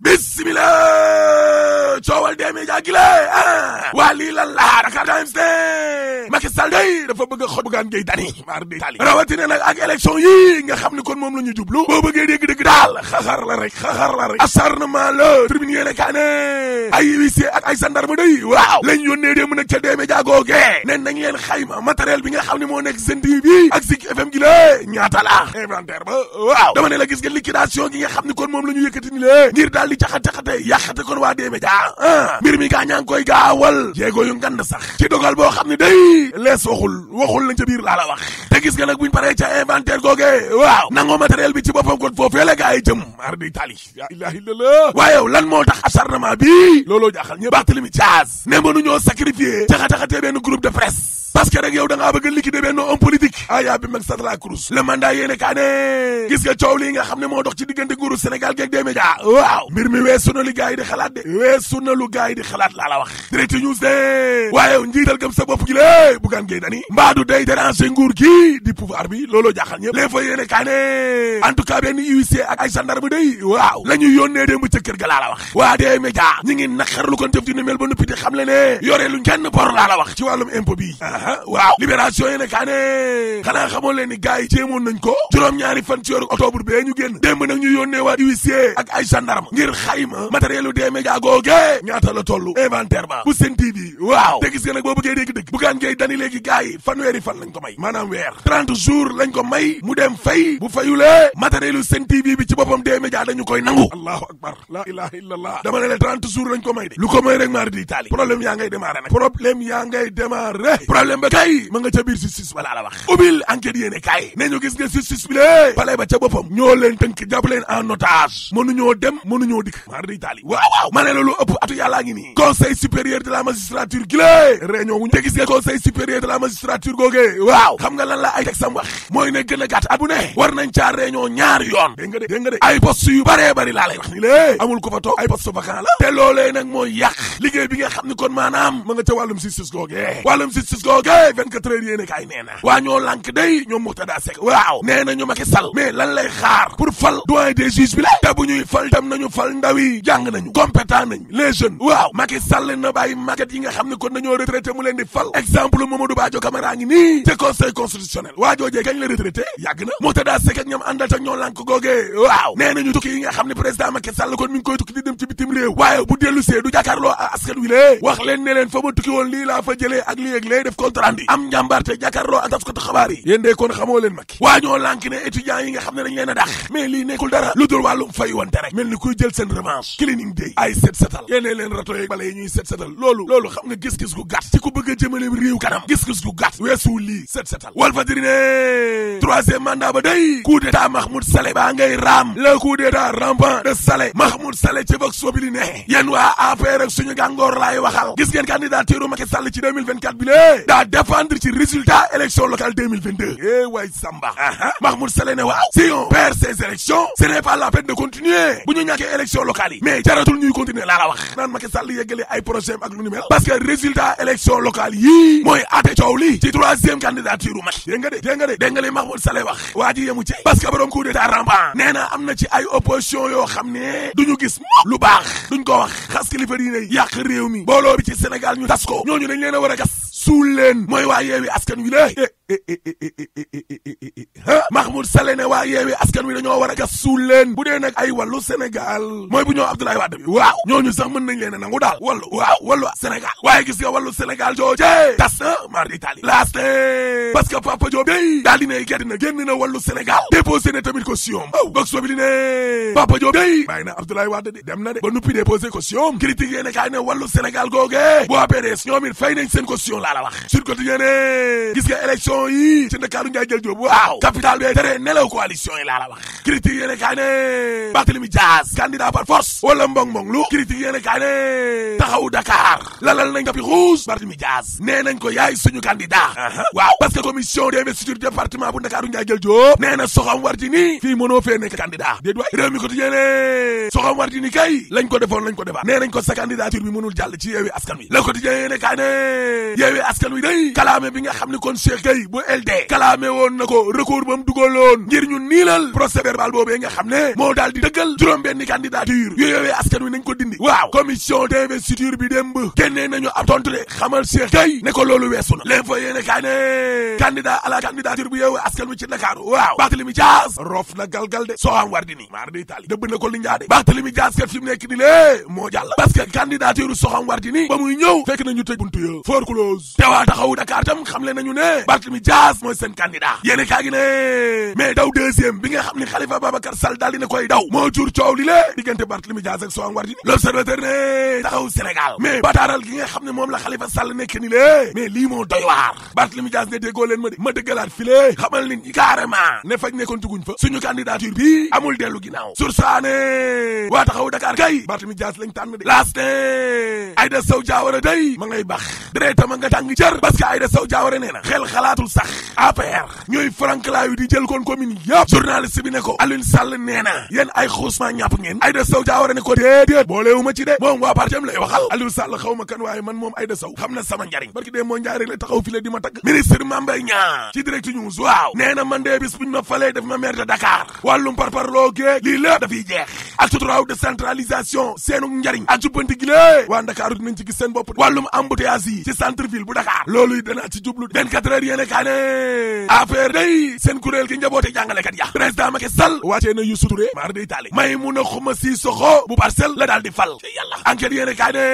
bismillah demee jaagile ah eh. waa lii lan la Dakar Times de dafa bëgg a xoj Bougane Gueye Dany maar nga xam ne kon moom la ñu jublu boo bëggee dégg-dégg daal xaxar la rek xaxar ak ay gendarme day waaw lañ yónnee démb nag ca demee jaagoogee nen nga xam ne moo nekk seen TV ñaata la ba waaw dama ne la gis nga liquidation gi nga xam ne kon moom la ñu yëkkati ni le daal di caxat-caxate yàqate kon waa demee jaa ah. mbir mi gaa ñaa koy gaawal jéego yu ngand sax ci dogal boo xam ne day lees waxul waxul na ca biir laa la wax te gis nga nag buñu paree ca inventaire googee waaw nangoo matériel bi ci boppam kon foofee la gaa yi jëm ar di tali ya ilaha waaye yow lan moo tax acharnement bi looloo jaaxal ñë Barthélémy Dias ne mënuñoo sacrifier jaxataxatee benn groupe de presse parce que rek yow da ngaa bëgg liquider benn homme politique a ah, yaa bi mag satala Cruz le mandat yéene kaa gis nga coow lii nga xam ne moo dox ci diggante nguuru Sénégal geeg des médias ah, waaw mbir mi weesu na lu gars yi di xalaat de weesu na lu gars yi di xalaat laa la wax direct news de waaye njiital gëm sa bopp gi lé bugaan ngay dani mbaadu day déranger nguur gi di pouvoir bi looloo a ñëpp les fa yéene kaa ne en tout cas benn huissier ay gendarme day waaw la ñuy yónnee démb ca kër ga laa la wax waa des médias ñi ngi naqar lu kon jëf di nu wax ci wàllum impôt bi ah, ah waaw libération yi ne kaa ne xanaa xamoo leen ni gars yi nañ ko juróom-ñaari fan ci weeru octobre bee ñu génn démb nag ñu yónnee waa huissier ak ay gendarme ngir xayma matériel yu dee googe ñaata la toll inventaire ba bu seen TV waaw te gis nga nag boo bëggee dégg dëgg bugaan ngay dani léegi gars yi fanweeri fan lañ ko may maanaam weer 30 jours lañ ko may mu dem fay bu fayulee matériel yu seen bi ci boppam dee média dañu koy nangu allahu akbar la problème ba kay ma nga ca biir justice balaa la wax ubbil enquête yéene kay ne ñu gis nga justice bi lée palais ba ca boppam ñoo leen tënk jàpp leen en mënuñoo dem mënuñoo dikk maar di taali waaw waaw ma loolu ëpp atu yàllaa ngi nii conseil supérieur de la magistrature gi lée réunion wuñ te gis nga conseil supérieur de la magistrature googee waaw xam nga lan la ay teg wax mooy ne gën a gàtt at ne war nañ caa réunion ñaari yoon dégg nga de ay poste yu la googee 24 heures waa ñoo lànk day ñoom Murtada Seck waaw nee na ñu Macky Sall mais xaar pour fal doyen des juges bi la te bu ñuy fal dem nañu fal ndaw jàng nañu compétent nañ les jeunes waaw Macky Sall na bàyyi màggat yi nga xam ne kon dañoo retraité mu leen di fal exemple Mamadou Badio Camara ngi nii te conseil constitutionnel waa kañ la retraité yàgg na Murtada Seck ak ñoom àndal ak ñoo lànk googee waaw nee nañu tukki yi nga xam ne président Macky Sall ko compte rendu am njàmbaarte jàkkaarloo a day ku bëgg a Saleh baa ngay raam le coup d'état rampant de Saleh Mahmoud Saleh ci vox populi ne waa APR ak suñu gàngoor laay waxal gis ngeen candidature Macky Sall ci 2024 bi lée a dépendre ci résultat élection locale 2022 eh waay Samba Mahmoud Saleh waaw si on perd ces élections ce n'est la peine de continuer bu ñu ñàkkee élection locale yi mais jaratul ñuy continuer laa la wax naan Macky Sall yeggale ay projet ak lu résultat élection locale yii mooy ate coow li ci troisième candidature u Macky dégg Mahmoud Saleh wax waa ji yemu ci parce que borom coup d'état rampant am na ci ay opposition yoo xam ne duñu gis lu baax ko wax xas kilifa yi ne yàq réew mi booloo bi ci Sénégal ñu tas ko ñooñu dañ leen a war leen mooy waa yeewi askan wi lé Mahmoud Saleh ne waa yeewee askan wi dañoo war a gas suul leen bu dee nag ay wàllu Sénégal mooy bu ñoo Abdoulaye Wade bi waaw ñooñu sax mën nañ leen a nangu daal wàllu waaw wàllu Sénégal waaye gis nga wàllu Sénégal jooje tas na mar d'Italie laaste parce que Papa Diop day daal dinay gedd na génn na wàllu Sénégal déposé ne tamit caution aw bog sobi li ne Papa Diop day bàyyi na Abdoulaye Wade di dem na de ba nuppi déposé caution critique yéene kaay ne wàllu Sénégal nañ seen caution laa la wax sur coalition yi ci Ndakaaru Njaay jël Jóob waaw capital bee tere nelaw coalition yi laa la wax critique yéene kaa ne Barthélemy Dias par force wala mbong mbong lu critique yéene kaa ne taxaw lalal nañ tapis rouge Barthélemy Dias nee nañ ko yaay suñu candidat waaw parce que commission d'investiture département bu Ndakaaru Njaay jël Jóob nee na soxam war ji nii fii mënoo fee nekk candidat déet ko tijéene soxam war ji ni lañ ko defoon lañ ko defaat nee nañ sa candidature bi mënul jàll ci yeewi politique bu LD kalaame woon na ko recours ba mu dugaloon ngir ñu niilal procès verbal boobee xam ne moo daal di dëggal juróom-benni candidature yu yowee askan wi nañ ko dindi waaw commission d'investiture bi démb génnee nañu ab tontu de xamal Cheikh Gueye ne ko loolu weesu na l'info yéene kaa ne candidat à bu yowee askan wi ci Dakar waaw Barthélémy Dias rof na galgal de Soham Wardini maar de dëbb na ko li njaade Barthélémy Dias kat fi mu nekk ni lée moo jàll parce te waa taxaw Barthélemy Dias mooy seen candidat yéen kaa gi ne mais daw deuxième bi nga xam ni Khalifa Babacar Sall daal dina koy daw moo jur coow li lée diggante Barthélemy Dias ak Soham Wardini l'observateur ne taxaw Sénégal mais bataaral gi nga xam ne moom la Khalifa Sall nekk ni lée mais lii moo doy waar Barthélemy Dias ne déggoo leen ma de fi lée xamal nit ñi carrément ne faj nekkoon tuguñ fa suñu candidature bi amul dellu ginnaaw sur saane waa taxaw Dakar kay Barthélemy Dias lañ tànn de a moom sax APR ñooy farankalaayu di jël koon commune yëpp journaliste bi ne ko Alioune Sall nee na yéen ay xuusma ñàpp ngeen Aïda Sow Diawara ne ko déedéet booleewu ma ci de moom waa parti am lay waxal Alioune Sall xaw ma kan waaye man moom Aïda Sow xam na sama njariñ barki dee moo njaay rek la di ma tagg ministre Mame Mbaye ci direct news waaw nee man dee bis ma falee daf ma maire de Dakar wàllum parparloo gee lii lépp dafiy jeex ak suturaaw décentralisation ak jubbanti gi lée waa waxtaane affaire day seen kuréel gi njaboote jàngalekat ya président Macky Sall wàccee na Youssou Touré maar day taali may mun a xuma si soxo bu parcelle la daal di fal ci yàlla enquête yéene kaay ne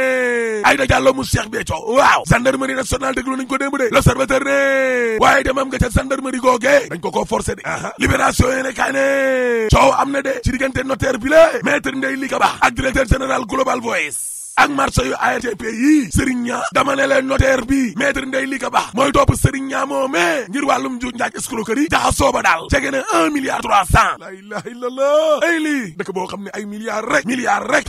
Aïda Diallo mu Cheikh Béthio waaw gendarmerie nationale déglu nañ ko démb de l'observateur ne waaye demam nga ca gendarmerie googee dañ ko koo forcé de libération yéene kaay ne coow am na de ci diggante notaire bi la maître Ndeye Li Kaba ak directeur général Global Voice ak marché yu ARTP yi Serigne Niang dama ne leen notaire bi maître Ndeye Lika Ba mooy topp Serigne Niang moomee ngir wàllum njuuj njaaj escroquerie jaxa sooba daal jege na un milliard trois cent la ilaha illallah ay lii dëkk boo xam ne ay milliards rek milliards rek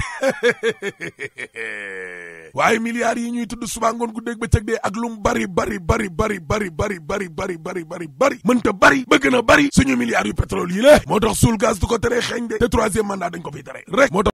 waaye milliards yi ñuy tudd suba ngoon guddeeg bëccëg dee ak lu mu bari bari bari bari bari bari bari bari bari bari bari mënta bari bëgg na bari suñu milliards yu pétrole yi la moo tax suul gaz du ko tere xeeñ de te troisième mandat dañ ko fiy tere rek